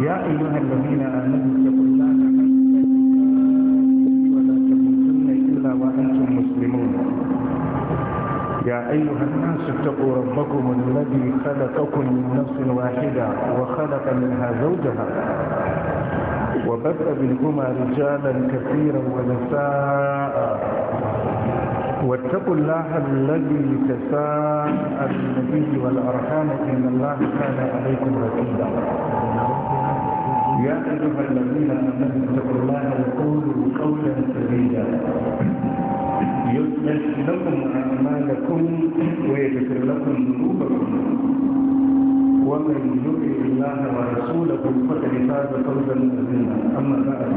يا أيها الذين آمنوا اتقوا الله ولا تموتن إلا وأنتم مسلمون يا أيها الناس اتقوا ربكم الذي خلقكم من نفس واحدة وخلق منها زوجها وبدأ منهما رجالا كثيرا ونساء واتقوا الله الذي تساءل به والأرحام إن الله كان عليكم رقيبا يا أيها الذين آمنوا اتقوا الله وقولوا قولا سديدا يصلح لكم أعمالكم ويغفر لكم ذنوبكم ومن يطع الله ورسوله فقد فاز فوزا عظيما أما بعد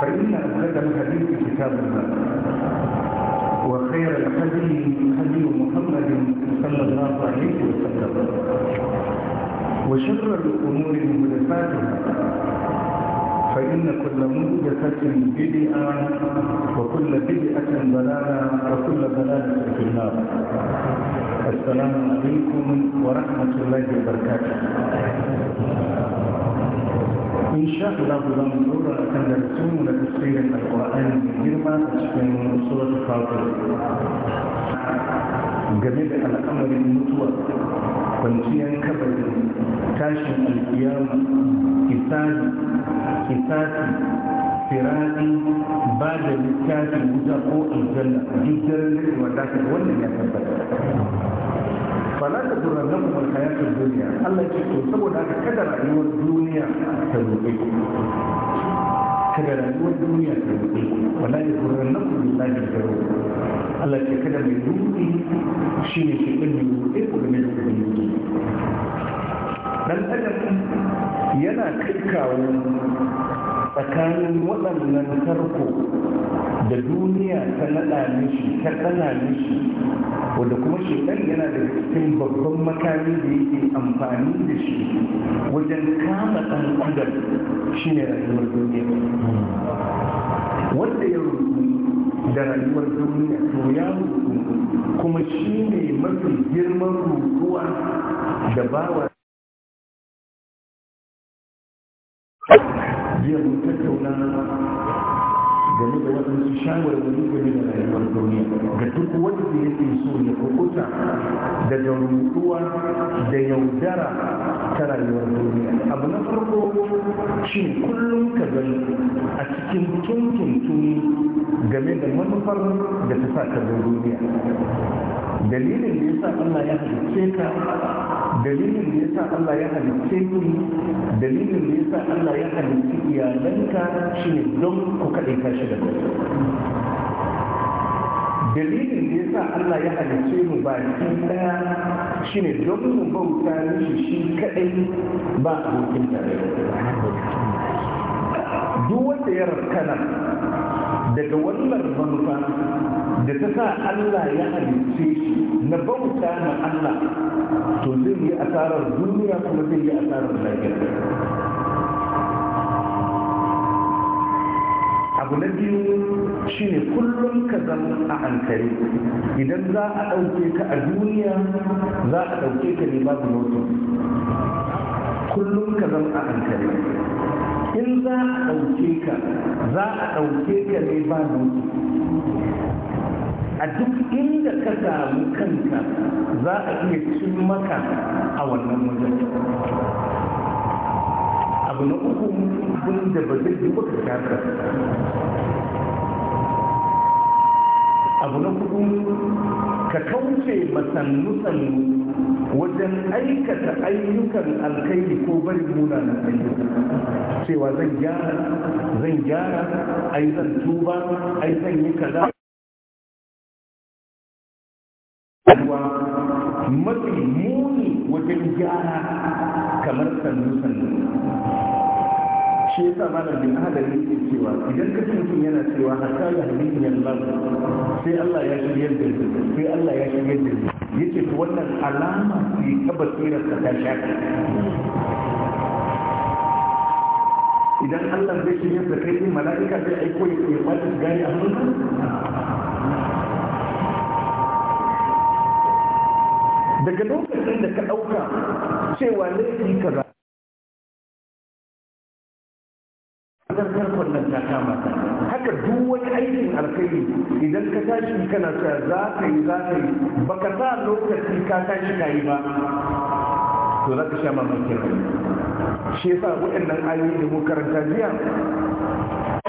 فإن أسد الحديث كتاب الله وخير الحديث حديث محمد صلى الله عليه وسلم وشر الأمور مدفاتها فإن كل مدفة بدئة وكل بدئة ضلالة وكل ضلالة في النار السلام عليكم ورحمة الله وبركاته إن شاء الله ننظر أن نرسم لتفسير القرآن الجرمى من سورة الفاطر جميل أمر المتوى kwanciyar kabari tashin alkiyama kisani kisati firadi ba da littafin wuta ko aljanna duk daren da ke wata wannan ya tabbata fala ta dura nan kuma hayatar duniya Allah ce to saboda haka kada rayuwar duniya ta roƙe haka da rayuwar duniya ta rufe wala ya na ku lafi da rufe Allah ce kada mai rufe shi ne shi ɗin mai rufe ku da mai rufe dan adam yana kai kawo tsakanin waɗannan tarko da duniya ta nada mishi ta tsana mishi wanda kuma shekar yana da cikin babban makami da yake amfani da shi wajen kama ɗan adam shi ne rayuwar duniya wanda ya rubu da rayuwar duniya to ya rubu kuma shi ne mafi girman rubuwa da bawa jiya mun tattauna game da waɗansu shawarwari game da rayuwar duniya ga duk wanda yake so ya kuɓuta daga rutuwa da yaudara ta rayuwar duniya abu na farko shi kullum ka gani a cikin tuntun game da manufar da ta sa ka duniya dalilin da ya sa Allah ya halicce ka dalilin da ya sa Allah ya halicce ki dalilin da ya sa Allah ya halicce iyalanka shi ne don ku kaɗai kashi dalilin da ya sa Allah ya halice mu baki daya ne don mu bauta mishi shi kadai ba abokin tare duk wanda ya rarkana daga wannan manufa da ta sa Allah ya halice shi na bauta na Allah to zai yi asarar duniya kuma zai yi asarar lafiya abu na biyu ne kullum ka zama a hankali idan za a ɗauke ka a duniya za a ɗauke ka ne babu mutum kullum ka zama a hankali in za a ɗauke ka za a ɗauke ka ne babu mutu a duk inda ka samu kanka za a iya cin maka a wannan wajen abu na uku da ba zai yi baka kafir abu na kudu ka kauce masannu-sannu wajen aikata ayyukan alkairi ko bari na ayyuka cewa zan gyara zan gyara ai zan tuba ai zan yi kaza mafi muni wajen gyara kamar sannu sannu shi yasa malam bin adam yake cewa idan ka mutum yana cewa hatta ya hadisi ya Allah sai Allah ya shiryar da shi sai Allah ya shiryar da shi yace to wannan alama ce ta basirar ta ta idan Allah zai shirya da kai mala'ika zai aiko ya koyi wani gari a hannunka daga lokacin da ka ɗauka cewa laifi kaza zartar kwallon ta kama ta haka duk wani aikin alkhairi idan ka tashi kana sa za ka yi za ka yi ba ka sa lokaci ka tashi ka yi ba to za ka sha mamakin shi yasa waɗannan ayoyi da mu karanta jiya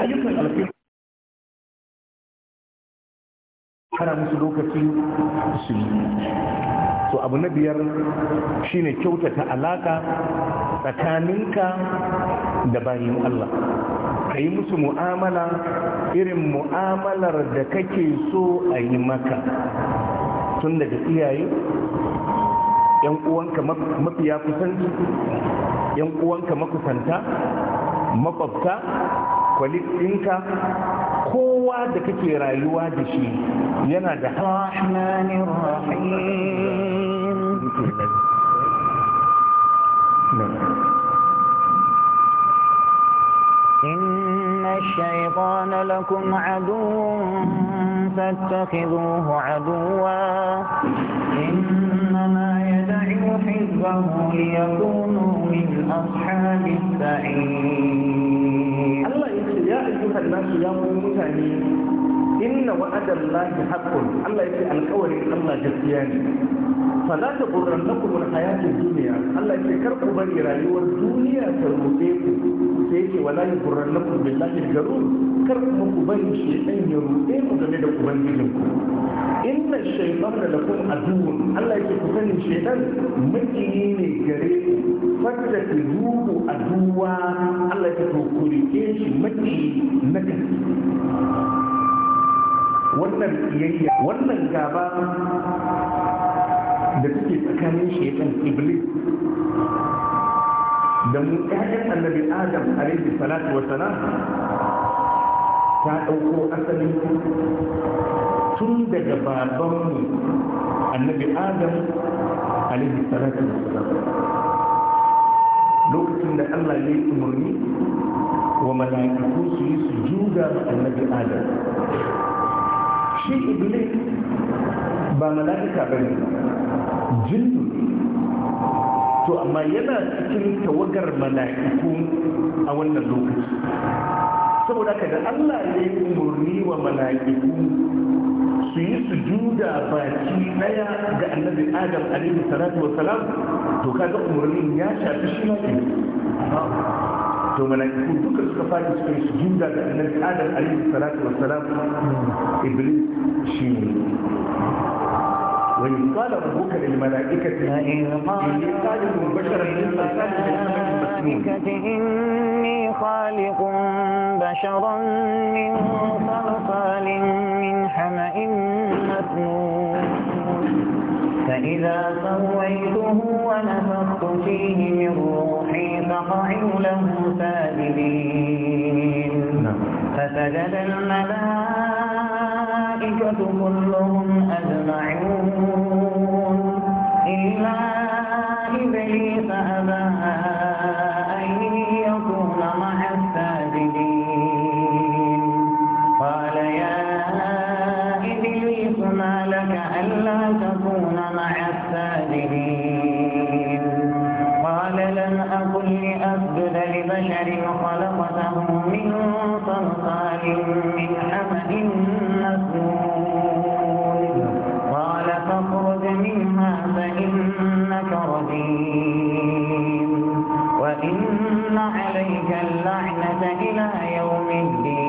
ayyukan alkhairi Kana musu lokaci su yi to abu na biyar shine kyautata alaka tsakaninka da bayin Allah ka yi musu mu'amala irin mu'amalar da kake so a yi maka tun daga iyaye yan uwanka mafiya kusanci yan uwanka makusanta makwabta colleague ɗinka kowa da kake rayuwa da shi yana da rahmanin rahim إن الشيطان لكم عدو فاتخذوه عدوا إنما يدعو حزبه ليكونوا من أصحاب السعير ya ayyuhan nasu ya ku mutane inna wa'adan lahi haqqun Allah yake alƙawarin Allah gaskiya ne fala ta qurrannakum hayatin duniya, Allah yake kar ku bari rayuwar duniya ta ruɗe ku sai yake wala yurrannakum billahi garur kar kuma ku bari shaytan ya ruɗe ku game da ubangijin ku inna shaytana lakum aduwwun Allah yake ku sani shaytan makiyi ne gare ku fadda ta ruhu a duwa Allah ta to ku shi maki na kai wannan kiyayya wannan gaba da take tsakanin shaitan iblis da mu ƴaƴan annabi adam alaihi salatu wa salam ta ɗauko asali tun daga babanmu annabi adam alaihi salatu wa salam lokacin da Allah ya yi umarni wa mala'iku su yi su juda ma annabi Adam shi iblis ba mala'ika bane jinnu to amma yana cikin tawagar mala'iku a wannan lokaci saboda kada Allah ya yi umarni wa mala'iku su yi su duda baki daya ga annabi adam alaihi salatu wa salam to kaga umarnin ya shafi shi ma ke to mala'iku duka suka fadi suka yi su duda ga annabi adam alaihi salatu wa salam iblis shi ne وإن قال ربك للملائكة إني خالق بشرا للملائكة إني خالق بشرا من صلصال من حمأ مسنون فإذا سويته ونفخت فيه من روحي فقعوا له ساجدين نعم. فسجد الملائكة الملائكة كلهم أجمعون إلا إبليس أبى أن يكون مع الساجدين قال يا إبليس ما لك ألا تكون مع الساجدين قال لن أكن لأسجد لبشر خلقته من صلصال من حمد مسنون قال فاخرج منها فإنك رجيم وإن عليك اللعنة إلى يوم الدين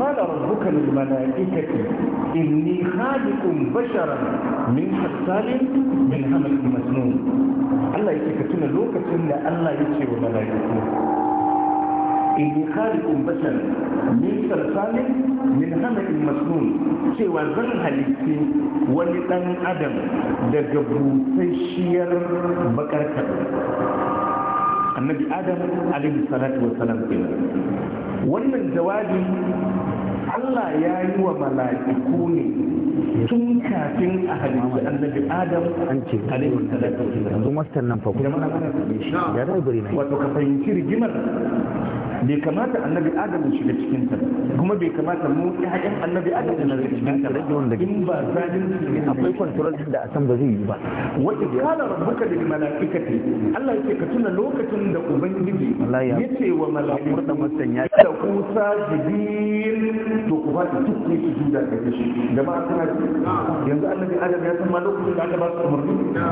قال ربك للملائكة إني خالق بشرا من حصال من همك مسنون الله يتكتنا لوكة إلا الله يتكتنا وملائكته إني خالق بشرا من صلصال من همك مسنون سوى ذنها لكي ولدن أدم دقبو تشير بكركب annabi adam alaihi salatu wassalam kenan wannan jawabi Allah ya yi wa mala'iku ne tun kafin a halittu annabi adam an ce Yanzu alaihi salatu wasallam kuma sannan fa kuma ya da gari ne wato ka fahimci rigimar bai kamata annabi adam ya shiga cikin ta kuma bai kamata mu ƴaƴan annabi adam ya shiga cikin ta in ba zalunci ne akwai control da a san ba zai yi ba wata kala rabbuka lil malaikati Allah yake ka tuna lokacin da ubangiji yace wa malaiku da masanya da kusa jibin to ku fadi duk ne su juda da shi jama'a yanzu annabi adam ya san ma lokacin da aka ba su umarni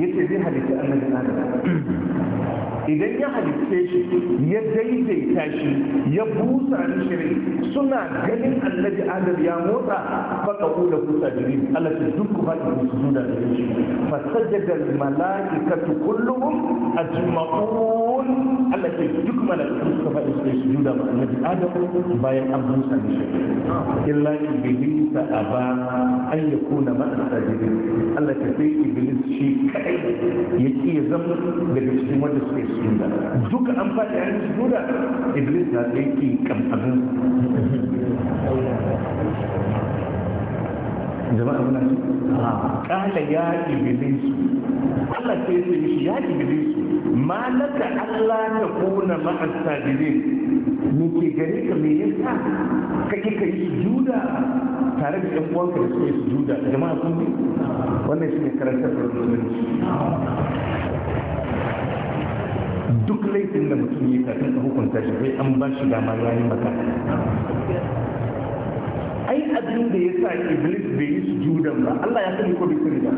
yace zai halitta annabi adam idan ya halitte shi ya daidaita shi ya busa shiri suna ganin annabi adam ya motsa faka kula kusa jiri Allah ta duk kuma da su zuda da shi fa sajada al malaikatu kulluhum ajma'un Allah ta duk malaiku suka faɗi su zuda ma annabi adam bayan an busa shiri illa iblis aba an yakuna ma'a sajidin Allah ta sai iblis shi kai ya ƙi zama daga cikin wanda suka yi da duka an faɗi a cikin da iblis na tsaye ƙi kamfanin zama abu muna ji kala ya ibilisu Allah sai ya ce ya ibilisu ma laka Allah ta kuna ma'as sabirin me ke gare ka me yasa kake kai sujuda tare da ɗan uwanka da suke sujuda jama'a kun ne wannan shine karantar da musulunci duk laifin da mutum ya kafin a hukunta shi sai an ba shi dama yi maka ai abin da ya sa iblis bai yi sujudan ba Allah ya sani ko bai sani ba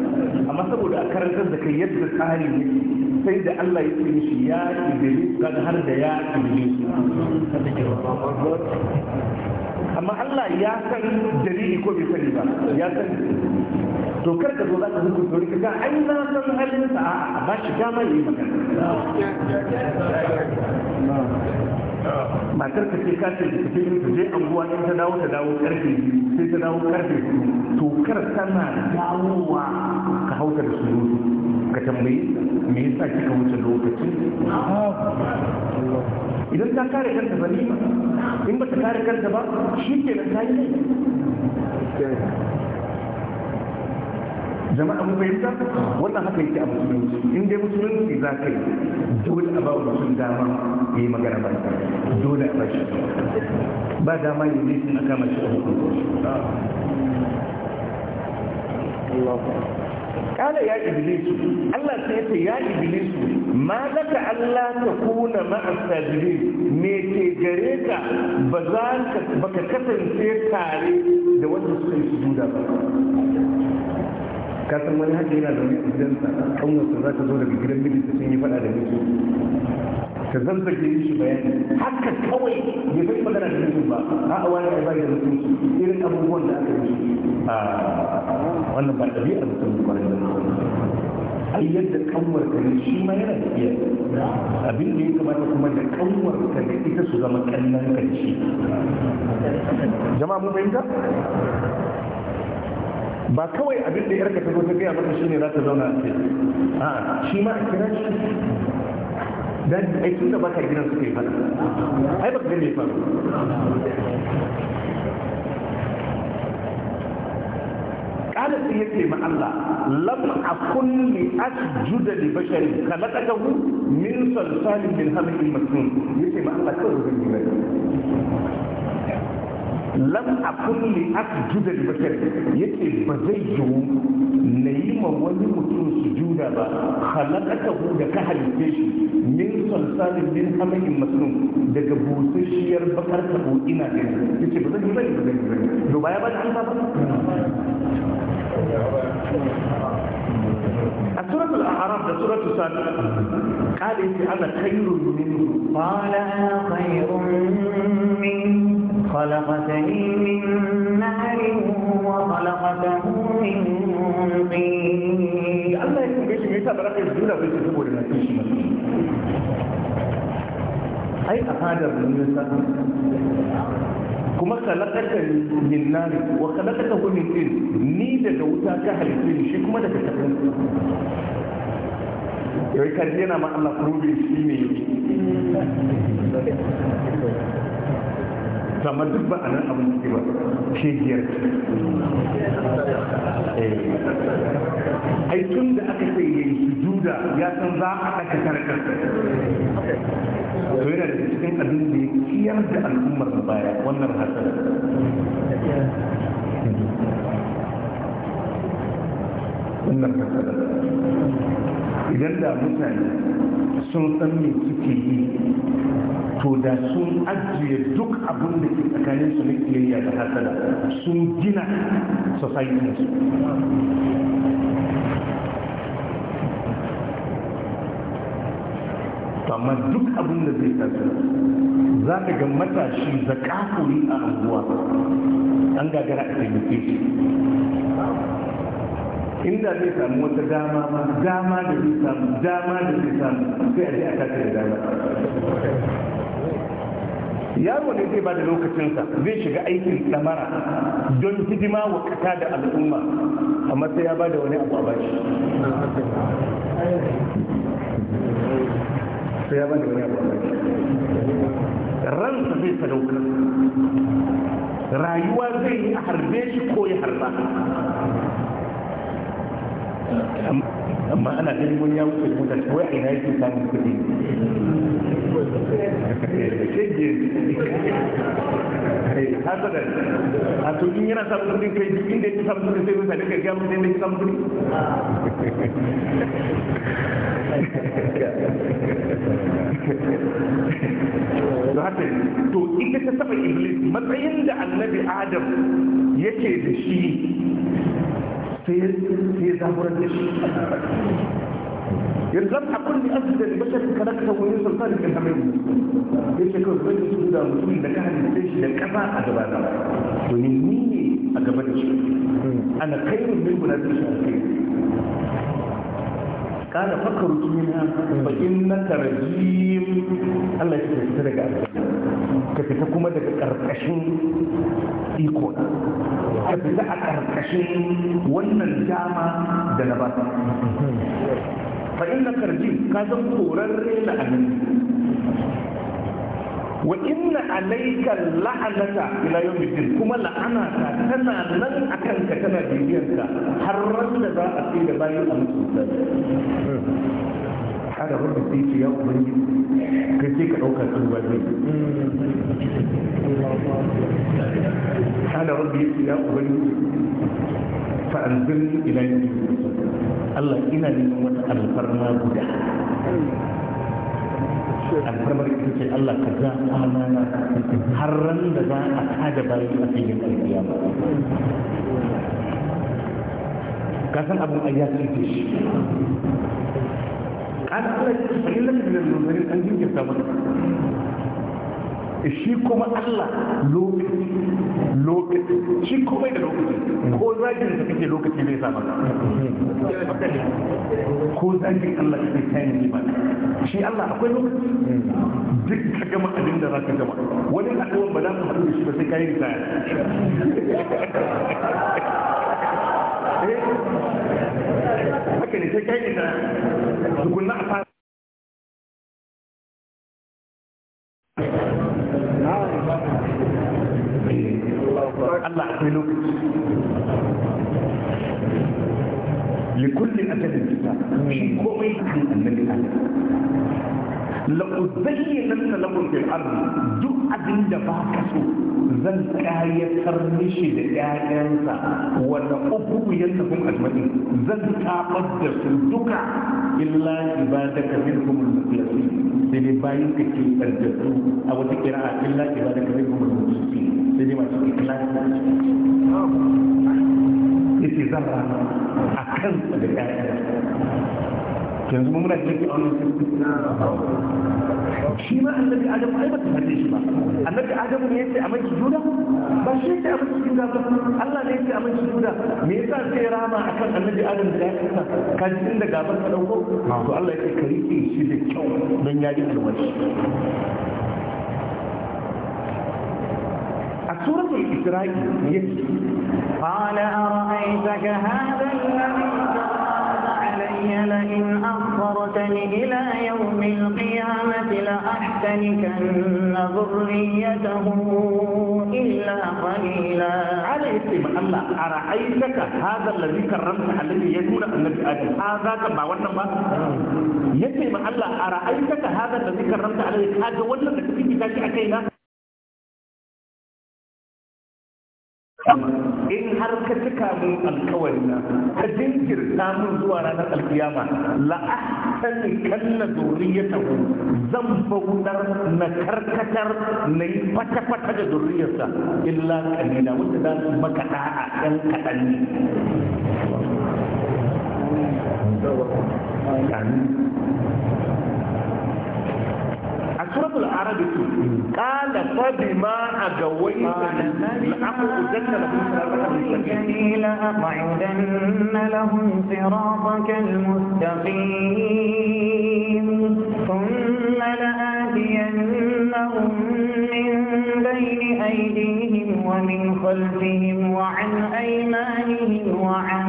amma saboda a karantar da kai yadda tsari ne sai da Allah ya ce shi ya iblis ga har da ya iblis amma Allah ya san dalili ko bai sani ba ya san to kar ka zo za ka zuku to ka ga ai na san halin sa a ba shi dama yi magana matar ka ce ka ce ka ce ta je anguwa in ta dawo ta dawo karfe sai ta dawo karfe to kar tana dawowa ka hauta da su ka tambayi me yasa kika wuce lokacin idan ta kare kanta ba in ba ta kare kanta ba shi ke ta yi jama'a mu fahimta wannan haka yake a musulunci in dai musulunci za ka yi dole a ba wa mutum dama ya yi magana ba ta dole a bashi ba dama ya yi sun kama shi a hukunta kala ya iblisu Allah sai ta ya iblisu ma laka Allah ka kuna ma'a me ke gare ka ba za ka kasance tare da wanda suka yi su ba ka san wani hajji yana zaune a gidansa kanwarsa za ta zo daga gidan mijinta sun yi faɗa da miji ta yi shi bayani haka kawai ya fi magana da mijin ba a awa ya bai da mutunci irin abubuwan da aka yi a wannan ba ɗabi'ar mutum kwarai da ai yadda kanwar ta ne shi ma yana da iya abin da ya kamata kuma da kanwar ta da ita su zama kallon kanci jama'a mun fahimta ba kawai abin da yarka ta zo ta gaya maka shi ne za ta zauna a ce a shi ma a kira shi dan ai tun da baka gidan suka yi fada ai baka ga me faru kada sai yake ma Allah lam akun li asjuda li basharin khalaqatahu min salsalin min hamin masnun yake ma Allah. لم أكن لأسجد البشر يتي بزيجو نيما ولي متون سجودا با خلقته دكها البيش من صلصال من حمي مسلم دك بوسشي البقر تبو إنا جن يتي بزيجو بزيجو بزيجو بزيجو بزيجو بزيجو بزيجو سورة الأعراف سورة سادة قال إن أنا خير منه قال أنا خير منه خلقتني من نار وخلقته من طين الله يجب ان يتبرقوا الزولة بالتفور من نار وخلقته من طين نيدة وطاة كهل الطين شيء كما لك تتبرقوا يعني كان لنا ما الله قلوبي to duk ba a nan abin ke ba shegiyar eh. ai tun da aka sai yayi sujuda ya san za a ɗaga karkar to yana da cikin abin da ya kiyar da al'ummar baya wannan hasara wannan hasara idan da mutane sun san me suke yi to da sun ajiye duk abin da ke tsakanin su na kiyayya da hasada sun gina society su amma duk abin da zai tsaka za ka ga matashi zakafuri a anguwa an gagara a taimake shi inda zai samu wata dama ma dama da zai samu dama da zai samu sai a je a kasa da dama yaro ne zai ba da lokacinsa zai shiga aikin samara don hidima wa kata da al'umma amma sai ya ba da wani abu a bashi sai ya ba da wani abu a bashi ransa zai sadauka. rayuwa zai yi a harbe shi ko ya harba amma ana ganin wani ya wuce mota ko a ina yake samun kuɗi hasada a to in yana samun kuɗi kai duk inda yake samun kuɗi sai mutane ka gaya mutane yake samun kuɗi ta to ita ta saba iblis matsayin da annabi adam yake da shi في في ظهر الجسم يتلمح كل أسد البشر الكاركتر ويوصل ذلك ليش يشكر بيت سودا مسؤول لك أهل البيش لكفا أجبانا ونمني أجبانا أنا خير من منازل شهرين قال فكرت منها فإنك رجيم الله يسترق عليك ka fita kuma daga ƙarƙashin iko ka fita a ƙarƙashin wannan dama da na ba fa inna karji ka zan korarre na nan, wa inna alayka la'anata ila yawmiddin kuma la'ana ta tana nan akan ka tana ka har ran da za a ce da bayan a kada wanda sai ce ya yi ka ce ka ɗaukar ɗan zai kada wanda ya ce ya ubangi fa'anzin ilayen Allah ina neman wata alfarma guda alfarmar ita ce Allah ka za a mana har ran da za a kada bayan a filin alfiya ba ka san abin ayyakin ce shi an Allah an jinkirta masa shi kuma Allah lokaci shi kuma da lokaci ko zagin da kake lokaci zai sa maka ko zagin Allah ka kai ne ba shi Allah akwai lokaci duk ka gama abin da zaka gama wani akwai ba za ka haɗu da shi ba sai kai ritaya haka ne sai kai ina tukunna a fara Allah akwai lokaci likulli ajalin kitab shi komai kan annabi Allah la'uzayyananta lakum fil ardi duk abin da ba ka so zan kayatar mishi da ƴaƴansa wa la ubuyannahum ajma'in zan tabar da su duka illa ibadaka minhum al-mukhlasin sai dai bayin ka ke tsaddatu a wata kira'a illa ibadaka minhum al-mukhlasin sai dai masu ikhlasi yake zan rana a kansa da ƴaƴansa yanzu mu muna cikin shi ma annabi adam ai ba ta hade shi ba annabi adam ne yace a maki juda ba shi yace a maki juda ba Allah ne yace a maki juda me yasa sai rama akan annabi adam da ya kasa ka ji inda gaban ka dauko to Allah yake kariki shi da kyau dan ya ji alwashi سورة الإسراء يسري قال أرأيتك هذا الذي علي لئن أخرتني إلى يوم القيامة لأحتنكن ذريته إلا قليلا على اسم الله أرأيتك هذا الذي كرمت الذي يقول النبي آدم هذا كما وانما يتم الله أرأيتك هذا الذي كرمت عليه هذا ولا تكتب ذاك أكينا in har ka cika mun alkawari na ka jinkirta mun zuwa ranar alkiyama la ahsani kanna zurriyatahu zan bautar na karkatar na yi fata fata da zurriyarsa illa kalila wanda za su maka da'a ɗan kaɗan ne سورة العرب قال فبما أغويتني لأقعدن لأقعدن لهم صراطك المستقيم ثم لآتينهم من بين أيديهم ومن خلفهم وعن أيمانهم وعن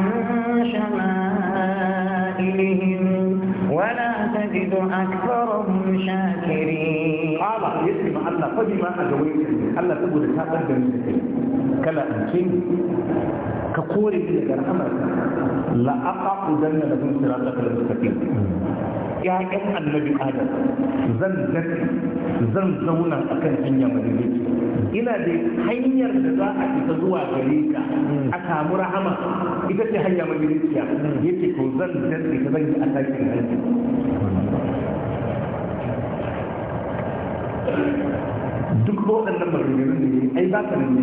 wani gawai Allah saboda ta ɓar da ni da kai kala an ce ka kore ni daga rahamar la aqa udanna lahum siratal mustaqim ya'yan annabi adam zan zan zan zauna a kan hanya madaidaici ina da hanyar da za a isa zuwa gare ka a samu rahama ita ce hanya madaidaiciya yace ko zan zan ka zan yi atakin hanya duk waɗannan bari da ne ai baka nan ne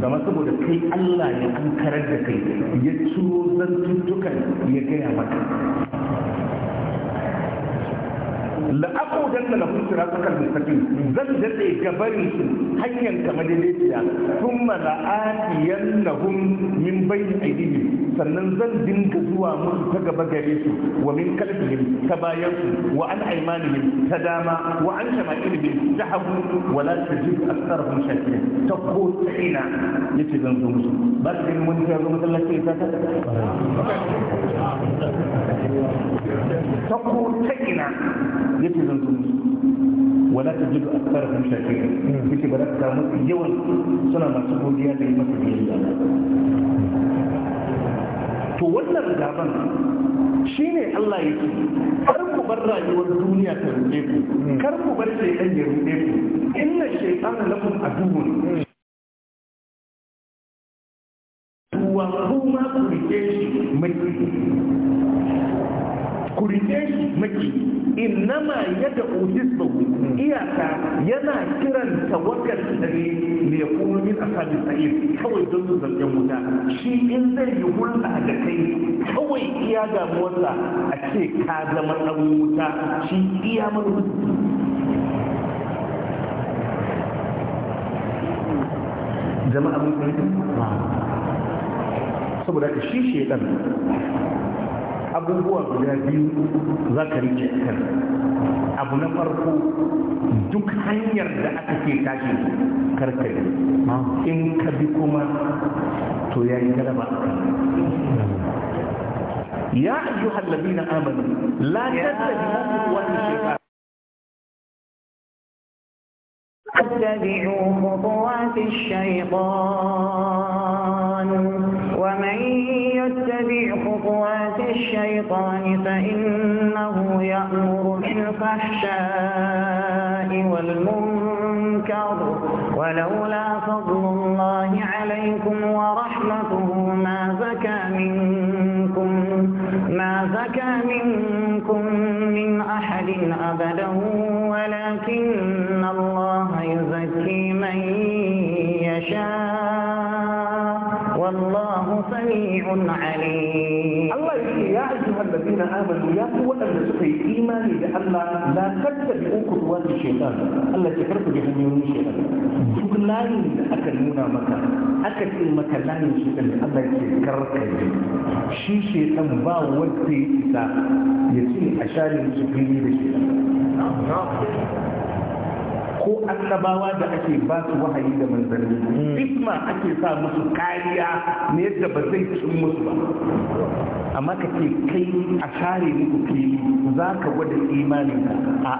kamar saboda kai Allah ya an karar da kai ya zan zantuttukan ya gaya maka dan la ka kan mustaqim zan dade gabarin su hanyar kamar ne da kuma daidaiciya thumma la'atiyannahum min bayni aydihim sannan zan dinka zuwa musu ta gaba gare su wa min kalbihim ta bayan su wa an aymanihim ta dama wa an shama'ilihim ta hagu wa la tajid aktharahum shakirin ta ko ya yace zan zo musu ba su ganin wani ya zo masallaci ya ta ta ko ya yace zan zo musu wala ta jidu aksar hun shakirin yake ba za ta samu yawan suna masu godiya da yi masa biyayya to wannan gaban shi ne Allah ya ce kar ku bar rayuwar duniya ta ruɗe ku kar ku bar shaitan ya ruɗe ku inna shaitan lakum aduwwun wa kuma ku riƙe shi mai ku shi maki innama yadda uhisbahu iyaka yana kiran wakar dare ne ya kuma min sami sa'ir kawai don su zargin wuta shi in zai yi hulɗa da kai kawai iya damuwarsa a ce ka zama ɗan wuta shi iya manufa jama'a mun fahimta saboda ka shi ɗan abubuwa guda biyu za ka rike kan abu na farko duk hanyar da aka ke tashi karkare in ka bi kuma to ya yi galaba ya ayyuhal ladina amanu la tattabi'u khutuwat ash-shaytan اتبعوا خطوات الشيطان ومن يتبع خطوات الشيطان فإنه يأمر بالفحشاء والمنكر ولولا فضل الله عليكم ورحمته ما زكى منكم ما زكى منكم من أحد أبدا ولكن سميع عليم الله يقول يا أيها الذين آمنوا يا قوة لسكي إيماني بالله لا تتبعوا خطوات الشيطان الله تكرك بهم يوم الشيطان duk layin da aka nuna maka aka ce maka layin shaitan da Allah ke karka yi shi ba wanda ya isa ya ce a share su fili da shaitan ko annabawa da ake ba su wahayi da manzanni hmm. isma ake sa musu kariya ne yadda ba zai cin musu ba amma ka ce kai a share muku fili za ka gwada imanin ka a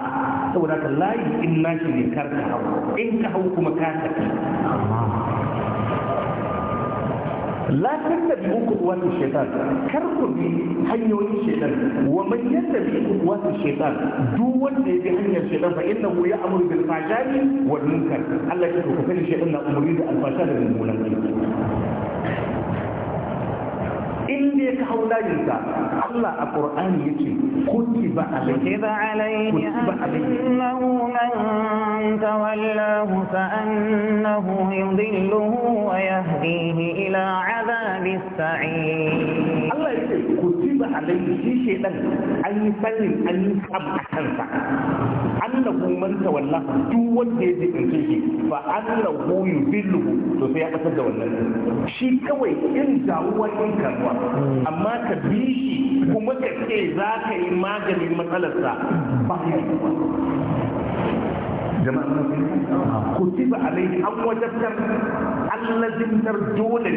saboda ka layi in nashi ne kar ka hau in ka hau kuma ka tafi bi tattabi kutuwatu shaitan kar ku bi hanyoyin shaitan wa man yattabi kutuwatu shaitan duk wanda ya bi hanyar shaitan fa innahu ya'muru bil fahsha'i wal munkar Allah ya ku kafin shaitan na umuri da alfasha da mummunan in dai ka hau lajinsa Allah a Qur'ani yake kutiba alayhi kutiba alayhi annahu man tawallahu fa annahu yudilluhu wa yahdihi ila 'adhabis sa'ir Allah yake A alaihi shi ce an yi sanin an yi sab a kansa an annahu man wannan duk wanda ya jikince shi fa annahu yubillu to sai ya kasar da wannan shi kawai in jawuwa in karuwa amma ka bi shi kuma ka ce za ka yi maganin matsalarsa ba ya yi jama'a kutiba alai an wajabtar allazin dar dole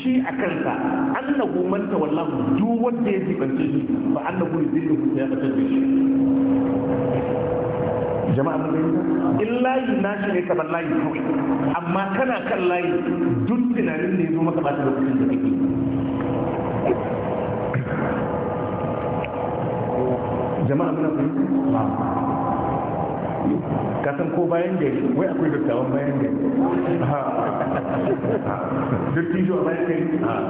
shi a kansa annahu man tawallahu duk wanda ya jibance shi ba annahu zai ya batar da shi jama'a mun in layi na shi ne kamar layi kawai amma kana kan layi duk tunanin da ya zo maka ba ta lokacin da kake jama'a muna fahimta ka san ko bayan gari wai akwai dattawan bayan gari dattijo a bayan gari ah.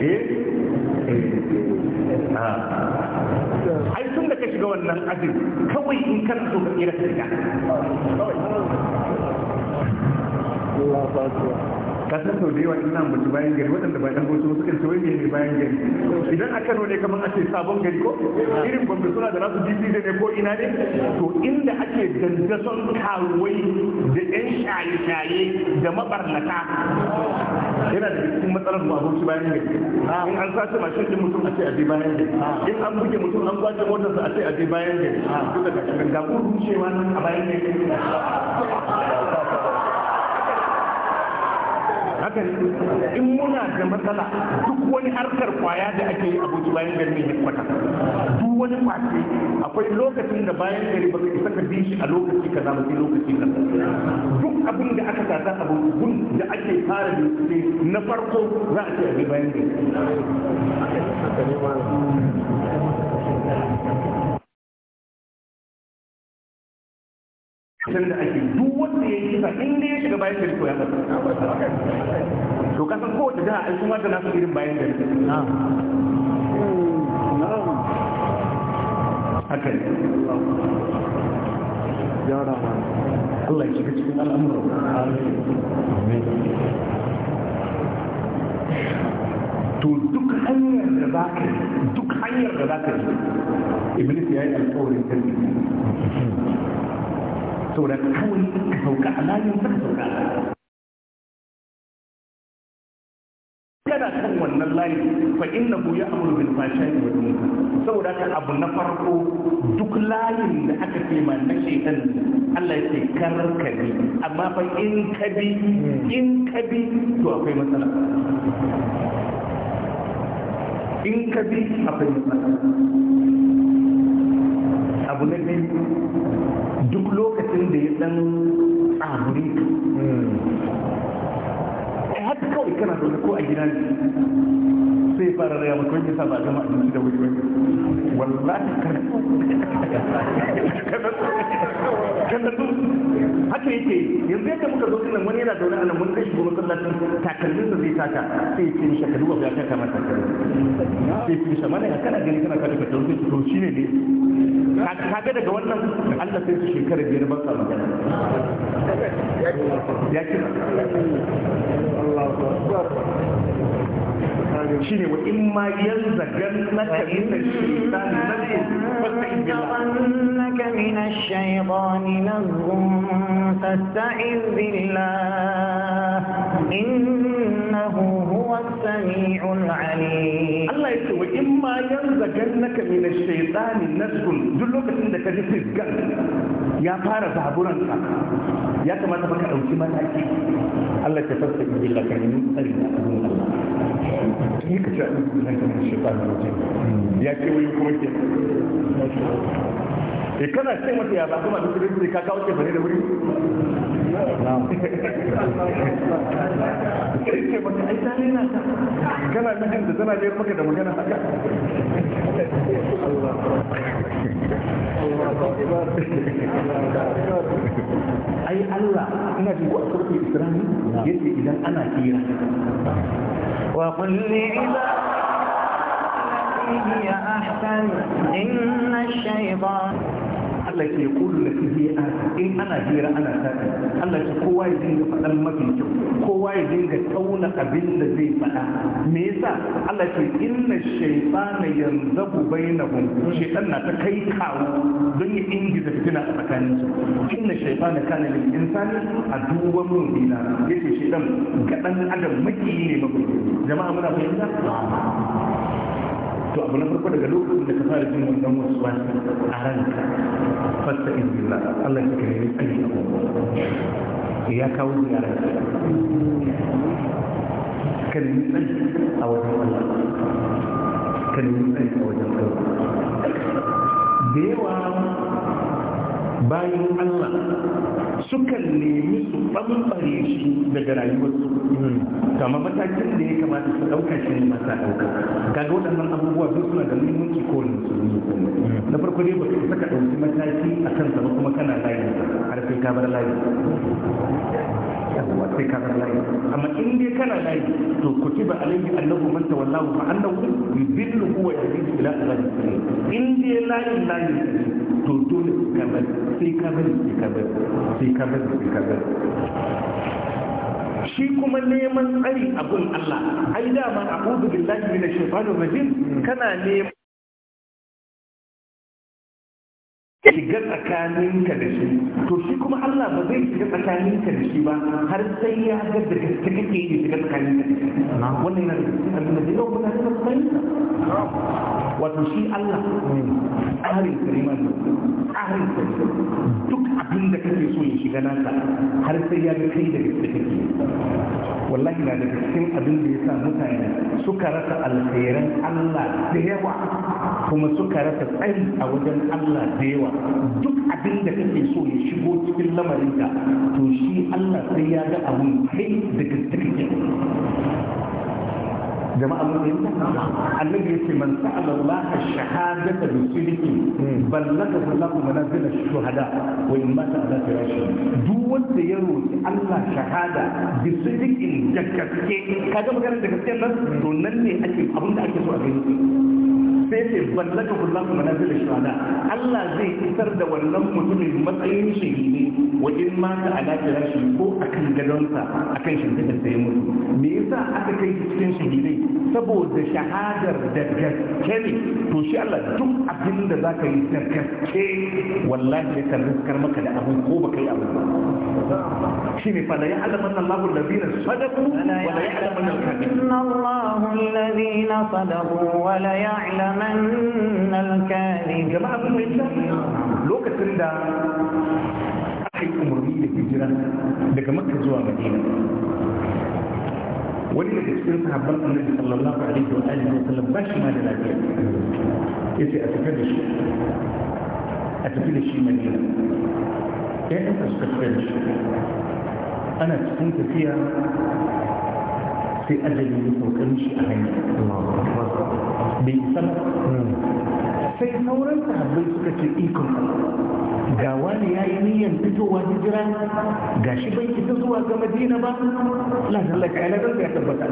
eh? Eh. Ah. ai tun da ka shiga wannan ajin kawai in kan so ka kira ka shiga ka san sau da yawa ina mutu bayan gari waɗanda ba ɗan gosu suka ce wai ne bayan gari idan a Kano ne kamar a sabon gari ko irin Gombe suna da nasu DC ne ko ina ne to inda ake dandason kawai da ƴan shaye-shaye da mabarnata yana da cikin matsalar mu abinci bayan gari in an sace mashin din mutum a ce a je bayan gari in an buge mutum an kwace motarsa a ce a je bayan gari duka ga kuma rushewa a bayan gari gari in muna da matsala duk wani harkar kwaya da ake yi abuja bayan gari ne kwata duk wani kwace akwai lokacin da bayan gari baka isa ka bi shi a lokaci kaza ba sai lokaci kaza duk abin da aka tata a gun da ake fara bincike na farko za a ce a bi bayan gari tun da ake duk wanda ya kisa in ka ya shiga bayan gari ya to kasan jiha da nasu irin bayan gari haka ne Allah ya shiga cikin al'amuran to duk hanyar da za ka duk hanyar da za ka yi iblis ya yi alkawarin tarbi saboda kawai ka sauka a layin ka sauka a layin yana kan wannan layin fa inna hu ya'muru bil fahsha'i wal munkar saboda ka abu na farko duk layin da aka ce ma na shaytan Allah yake karkabi amma fa in kabi in ka bi, to akwai matsala in ka bi akwai matsala abu na biyu duk lokacin da ya dan tsaburi ai haka kawai kana zaune ko a gida ne sai fara raya maka wani saba gama abinci da wuri wani wallahi kana kana haka yake yanzu yadda muka zo nan wani yana zaune a nan mun kashi shi goma sallacin takalmin da zai taka sai ce ni shakaru ba ya taka mata sai ya shamanin a kana gani kana kada ka dauke to ne ne kaga daga wannan Allah sai su shekara biyar ba sa magana ya ba shine wa in ma yanzaganaka min ash-shaytani nazghun fasta'in billah innaka min ash-shaytani nazghun fasta'in billah innahu huwa as-sami'ul 'alim Allah yake wa in ma yanzaganaka min ash-shaytani nazghun duk lokacin da ka ji fisgan ya fara zaburanka ya kamata baka dauki mataki Allah ya fasta billah kan mun tsari da Allah ni ka ci a ɗin zai kan ya ce wani kuma ke e kana ce mata ya ba kuma duk ka kawo da wuri ai kana da maka da magana haka ai Allah ina jin a turku Isra'ila idan ana kira وقل لعبادي هي أحسن إن الشيطان Allah ke kulu na fi in ana hira ana sata Allah ke kowa ya dinga faɗan mafi kyau kowa ya dinga tauna abin da zai faɗa me yasa Allah ke inna shaytana yanzabu bainahum shaytan na ta kai kawo don ya ingiza fitina a tsakanin su inna shaytana kana lil insani aduwwan mubina yace shaytan ga dan adam maki ne mabudi jama'a muna fahimta to abu na farko daga lokacin da ka fara jin wannan wasu ba a ranka fasta in Allah ya kare ni kai abu ya kawo ziyara kan yi tsari a wajen Allah kan yi tsari a wajen Allah da yawa bayan Allah sukan nemi su ɓamɓare shi daga rayuwarsu kama matakin da ya kamata su ɗauka shi ne masa ɗauka kaga waɗannan abubuwa duk suna da muhimmanci ko wani musulmi na farko dai baka isa ka ɗauki mataki a kansa ba kuma kana layi har sai ka bar layi yawwa sai ka san layi amma in dai kana layi to kutiba alayhi annahu man tawallahu fa annahu yudilluhu wa yahdihi ila azabil jahim in dai layin layi to dole ka bari sai ka bari sai ka bari sai ka bari sai ka bari shi kuma neman tsari abun Allah ai dama a'udhu billahi minash shaitanir rajim kana neman shiga tsakaninka da shi to shi kuma Allah ba zai shiga tsakaninka da shi ba har sai ya ga da gaske kake yi shiga tsakaninka da shi wannan yana da abin da zai dauka da ba wato shi Allah tsarin karima ne tsarin duk abin da kake so ya shiga naka har sai ya ga kai da gaske kake wallahi na daga cikin abin da ya sa mutane suka rasa alkhairan Allah da yawa kuma suka rasa tsari a wajen Allah da yawa duk abin da kake so ya shigo cikin lamarin ka to shi Allah sai ya ga abun kai da gaske kake jama'a mun fahimta annabi yace man sa'ala Allah ash-shahadata bi sidqi ballaka Allahu manazil ash-shuhada wa in mata ala firashi duk wanda ya roki Allah shahada bi sidqi da gaske kaga maganar da gaske nan to nan ne ake abin da ake so a gani sai ce ballaka kullahu manazil shuhada Allah zai isar da wannan mutumin matsayin shahidi wajen mata ala firashi ko a akan gadonsa kan shimfidar da ya mutu me yasa aka kai cikin shahidai saboda shahadar da gaske ne to shi Allah duk abin da ka yi da gaske wallahi ya kan riskar maka da abin ko baka yi abin ba shi ne fala ya alamanna Allahu allazina sadaqu wa la ya'lamu al-kadhib Allahu allazina sadaqu wa la ya'lamu amanna al-kadhib jama'a kun fahimta lokacin da aka yi umarni da hijira daga makka zuwa madina wani daga cikin sahabban annabi sallallahu alaihi wa alihi wa sallam ba shi ma da lafiya yace a tafi da shi a tafi da shi madina ya yi suka tafi da shi ana cikin tafiya sai ajali ya sauka shi a hanya bai isa hmm. sai sauran sahabbai suka ce ikon ga wani ya yi niyyar fitowa hijira ga shi bai isa zuwa ga madina ba la tallaka ya lagar ya tabbata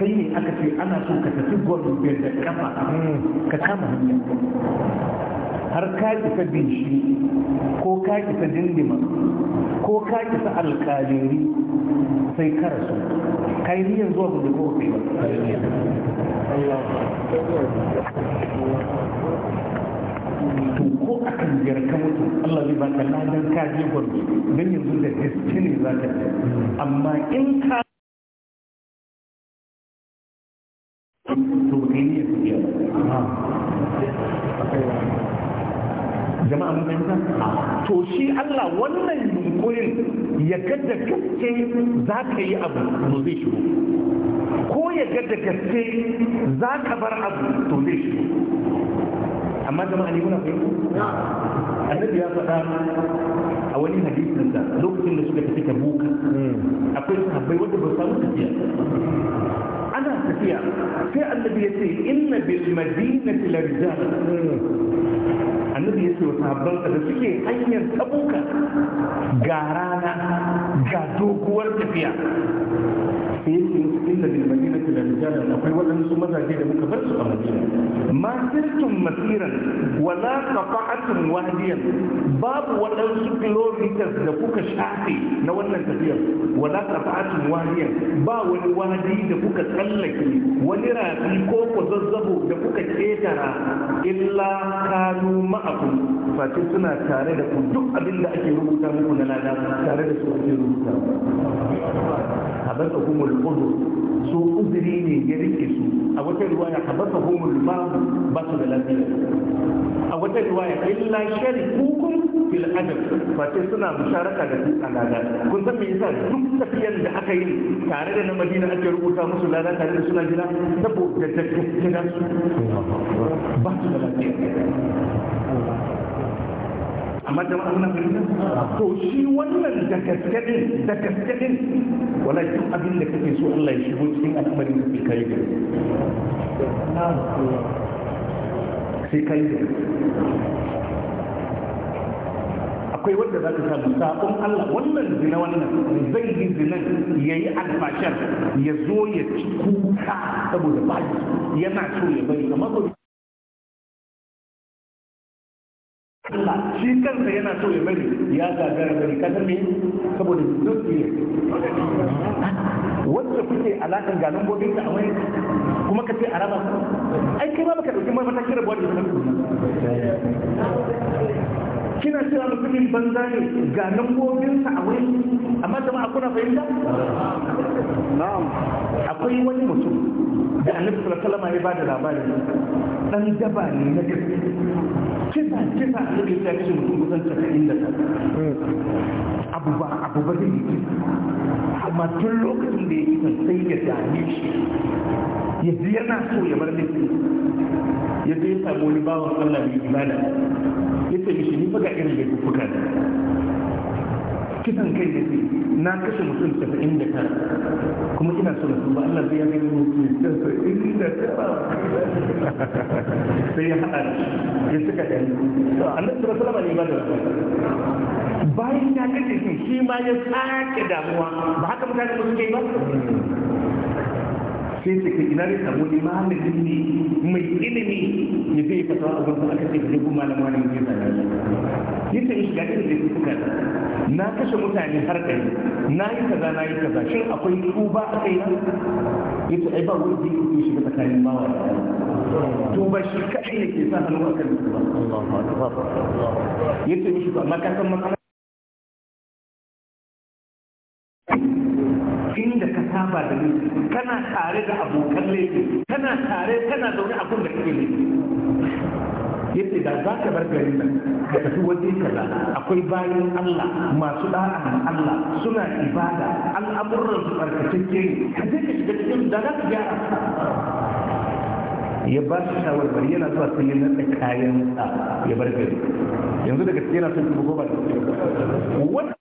kai ne aka ce ana so ka tafi gwamnati da kafa ka kama hanya har ka isa shi ko ka isa dindima ko ka isa alkaleri sai ka rasu kai niyan zuwa gudu ko kai ba to ko akan biyar ka mutu Allah zai baka ladan ka je gombe don yanzu da destiny za ka amma in ka to kai niyan ku jama'a mun fahimta to shi Allah wannan yunkurin ya ga da gaske za ka yi abu to zai shigo ko ya ga da gaske za ka bar abu to zai shigo amma jama'a ne muna fahimta annabi ya faɗa a wani hadisin da lokacin da suka tafi tabuka hmm. akwai sahabbai wanda ba su samu tafiya tafiya sai annabi ya ce inna bil madinati annabi ya ce da suke hanyar tabuka ga rana ga doguwar tafiya sai ya inna bil madinati rijalan akwai waɗansu mazaje da muka bar su a madina ma sirtum masiran wala qata'atun wadiyan babu waɗansu kilometers da kuka shafe na wannan tafiyar wala qata'atun wadiyan ba wani wadi da kuka tsallake wani rafi ko kwazazzabo da kuka ketara illa kanu ma'akum face suna tare da ku duk abin da ake rubuta muku na lada tare da su ake rubuta habar hukumul udur su uzuri ne ya rike su a wata riwaya habasa humul ba ba su da lafiya a wata riwaya illa sharikukum fil adab fa suna musharaka da su alada kun san me yasa duk tafiyar da aka yi tare da na Madina ake rubuta musu lada tare da suna jira saboda da su ba su da lafiya amma jama'a muna fahimta to shi wannan da kaskade da kaskade wala duk abin da kake so Allah ya shigo cikin al'amarin da kai da sai kai da akwai wanda za ka samu sabon Allah wannan zina wannan zai yi zina ya yi alfashar ya zo ya ci kuka saboda ba yana so ya bari amma Allah shi kansa yana so ya bari ya gagara bari kasar ne saboda duk ne wanda kuke alakan ganin gobin ta a wani kuma ka ce a raba ai kai ba baka dauki mai matakin rabuwa da sanar kina cewa mutumin banza ne ga lambobin sa a wani amma jama'a kuna fahimta na'am akwai wani mutum da annabi sallallahu alaihi wasallam ya bada labarin ɗan daba ne na gaske kisa kisa a yadda ya kashe mutum kusan casa'in da abu ba abu ba zai yi amma tun lokacin da ya kisa sai ya dame shi ya ji yana so ya bar laifin ya je ya samu wani bawon Allah mai ibada ya ce mishi ni ga irin da kuka da kisan kai da ke na kashe mutum casa'in da tara kuma ina so na ba Allah zai yafi mutum casa'in da tara sai ya haɗa da ya suka ɗan Allah su rasu lama ne ba da bayan ya kashe shi shi ma ya sake damuwa ba haka mutane ba suke ba sai ce ka ina ne samu imamin ne mai ilimi ya zai fata a gaban aka ce kaje kuma malama ne mutum da shi yace in shiga irin da suka kaza na kashe mutane har na yi kaza na yi kaza shin akwai tuba a kai yace ai ba wani zai yi shiga tsakanin bawa da tuba shi ne ke sa hannu akan tuba Allahu akbar yace ba ma ka saba da laifi kana tare da abokan laifi kana tare kana zaune a kun da kake laifi yace da za ka bar garin nan ka tafi waje kaza akwai bayan Allah masu da'an Allah suna ibada al'amuran su barkatacce ka je ka shiga cikin da za ka gyara ya ba shi shawarwari yana zuwa sai ya nasa kayan sa ya bar gari yanzu daga cikin yana son kuma ba da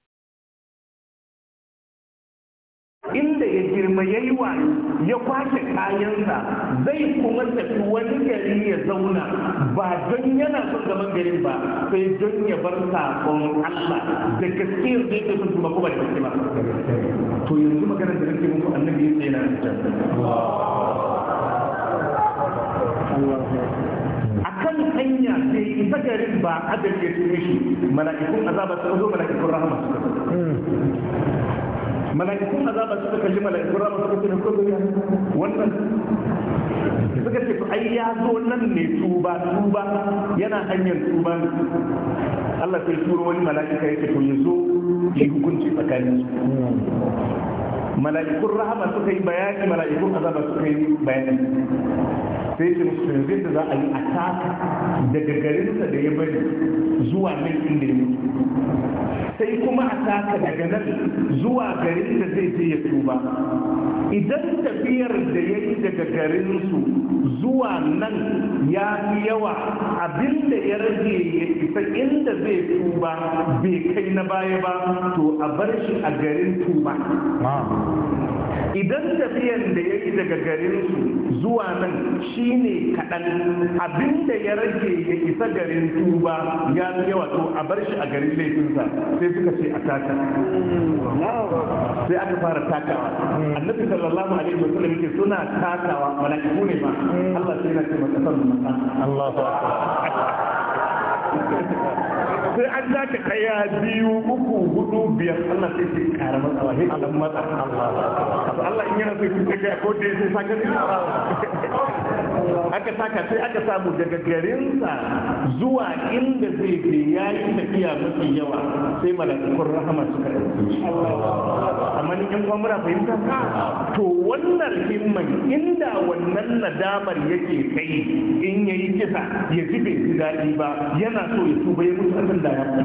inda ya girma ya yi wani ya kwashe kayansa zai kuma tafi wani gari ya zauna ba don yana son zama garin ba sai don ya bar sakon Allah da gaske yanzu ya tafi ba kuma da gaske ba to yanzu magana da nake muku annabi ya tsaya na akan hanya sai isa garin ba adalci ya shi mala'ikun azaba zo mala'ikun rahama mala'ikun azaba suka kalli mala'ikun rama suka ce ko zuriya wannan suka ce ai ya zo nan ne tuba tuba yana hanyar tuba Allah sai turo wani mala'ika yake to ya zo hukunci tsakanin su mala'ikun rahama suka yi bayani mala'ikun azaba suka yi bayani sai ce musu yanzu da za a yi a taka daga garinsa da ya bari zuwa nan inda ya mutu sai kuma a taka daga nan zuwa garin da zai je ya tuba idan tafiyar da ya yi daga garinsu zuwa nan ya fi yawa abinda ya rage ya isa inda zai tuba bai kai na baya ba to a bar shi a garin tuba idan tafiyan da ya yi daga garinsu zuwa nan shi ne kaɗan abinda ya rage ya isa garin tuba ya fi yawa to a bar shi a garin laifinsa sai suka ce a taka sai aka fara takawa annabi sallallahu alaihi wasallam yake suna takawa mala'iku ne ma Allah sai na ce masa sallu masa Allahu akbar sai an dace kaya biyu uku hudu biyar Allah sai sai kara masa wahi a dan matsa Allah Allah in yana sai kuka kai ko dai sai saka aka saka sai aka samu daga garinsa zuwa inda zai je ya yi tafiya mafi yawa sai malakakun rahama suka ɗauke shi amma ni in kwamura fahimta to wannan himman inda wannan nadamar yake kai in ya yi kisa ya ji bai ji daɗi ba yana so ya tuba ya mutu abin da ya fi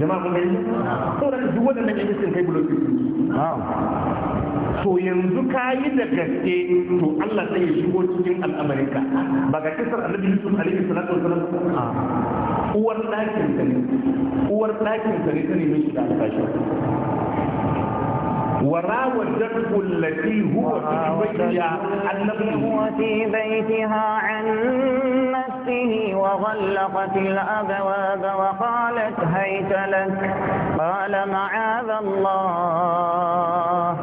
jama'a kun gani saboda duk waɗannan yan sun kai bulo to yanzu ka yi da gaske to Allah sai ya shigo cikin al'amarinka ba ga kisar annabi Yusuf alaihi salatu wasalam uwar ɗakin sa ne uwar ɗakin sa ne ta nemi shi da alfashi وراودته التي هو في بيتها عن نفسه في بيتها عن بنفسه وغلقت الأبواب وقالت هيت لك قال معاذ الله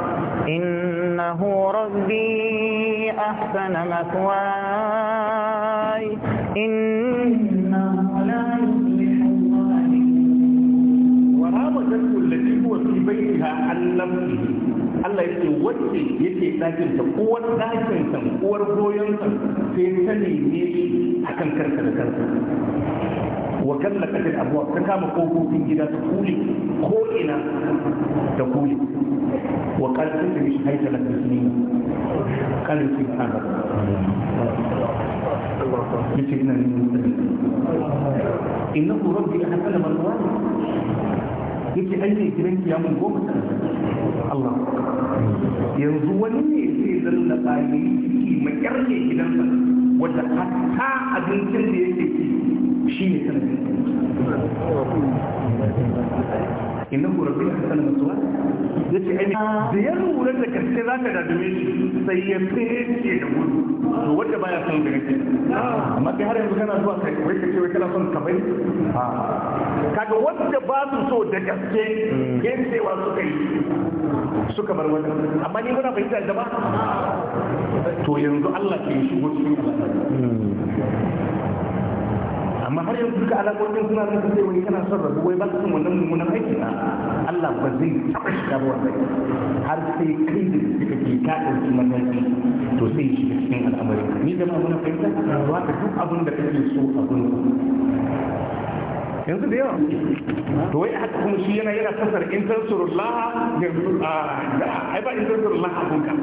إنه ربي أحسن مثواي إنه لا يفلح الظالمون وهذا الذي هو في بيتها عن نفسه Allah ce wacce yake ɗakin ta uwar ɗakin ta uwar goyon ta sai ta neme shi kan karka da karka wa kalla kadin abuwa ta kama kofofin gida ta kule ko ina ta kule wa kalfin da mishi haita na tasmi kalin sun hana yace ina ne innahu rabbi ahsana mathwaya yake ainihin gidan kiyamun goma yanzu wani ne zai zanna ya yi ciki makyar ne gidansa wadda hatta abincin da yake ciki shi ne sanadin innahu rabbi ahsana maswa yace ai da ya lura da karshe za ka dadume shi sai ya fece da gudu to wanda baya son gare ki amma kai har yanzu kana zuwa kai wai kace wai kana son kabai kaga wanda ba su so da gaske gentewa suka yi suka bar wani. amma ni muna fahimta da ba to yanzu Allah ke shigo cikin amma har yanzu duka alaƙoƙin suna nuna sai wani kana son rabu wai ba su son wannan mummunan aiki na Allah ba zai taɓa shiga ba wannan har sai kai da suka ke ka ɗauki mataki to sai shiga cikin al'amari ni da ma muna fahimta ba ka duk abin da kake so abin yanzu da yawa to wai haka kuma shi yana yana kasar in tansurullah ai ba in tansurullah abunka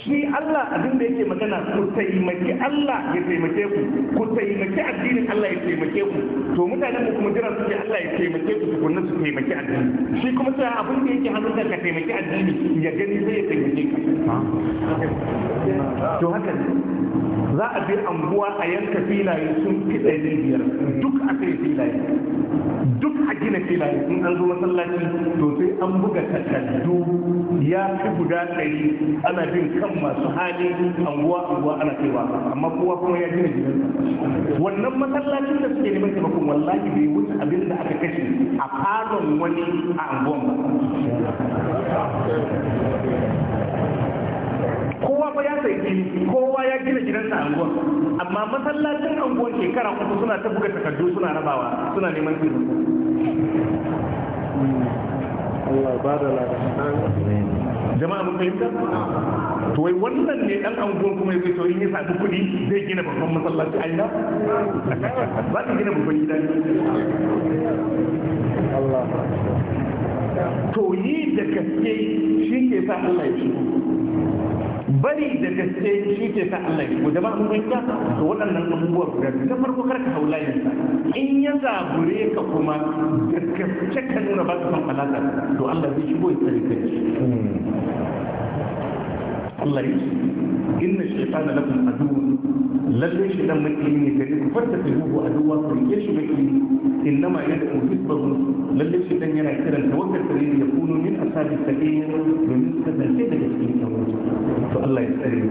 shi Allah abin da yake magana ku taimake Allah ya taimake ku ku taimake addinin Allah ya taimake ku to mutanen mu kuma jira suke Allah ya taimake ku tukunna su taimake addini shi kuma sai abin da yake hannun ka taimaki addini ya gani sai ya taimake ka to haka za a bi anguwa a yanka filaye sun fi ɗari biyar duk a filaye duk a gina filaye in an zo masallaci to sai an buga takardu ya fi guda ɗari ana bin kan masu hali anguwa anguwa ana kaiwa amma kowa kuma ya gina gidan wannan masallacin da suke neman taimakon wallahi bai wuce abin da aka kashe a falon wani a anguwan kowa ba ya sai fili kowa ya gina gidan sa anguwa amma masallacin anguwa shekara uku suna ta buga takardu suna rabawa suna neman tsiri Allah ba da jama'a mun fahimta to wai wannan ne dan anguwan kuma yake to in ya sadu kudi zai gina babban masallaci a ina ba ta gina babban gida Allah to yi da gaske shi ke sa Allah ya ci bari da gaske shi ke sa Allah ya ko jama'a mun ga to waɗannan abubuwa guda da farko kar ka haula yin in ya zabure ka kuma da gaske ka nuna ba ka san falaka to Allah zai shigo ya tsare ka Allah ya inna shaytana lakum aduwwun lalle shi dan mutum ne gari ku farta tuhu aduwwa ku yake shi mutum innama yad'u hizbahu lalle shi dan yana kiran tawakkal sai ya kunu min asabi domin kasance daga cikin tawakkal to Allah ya tsare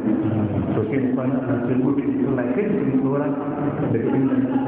to sai mu kwana a cikin gobe Allah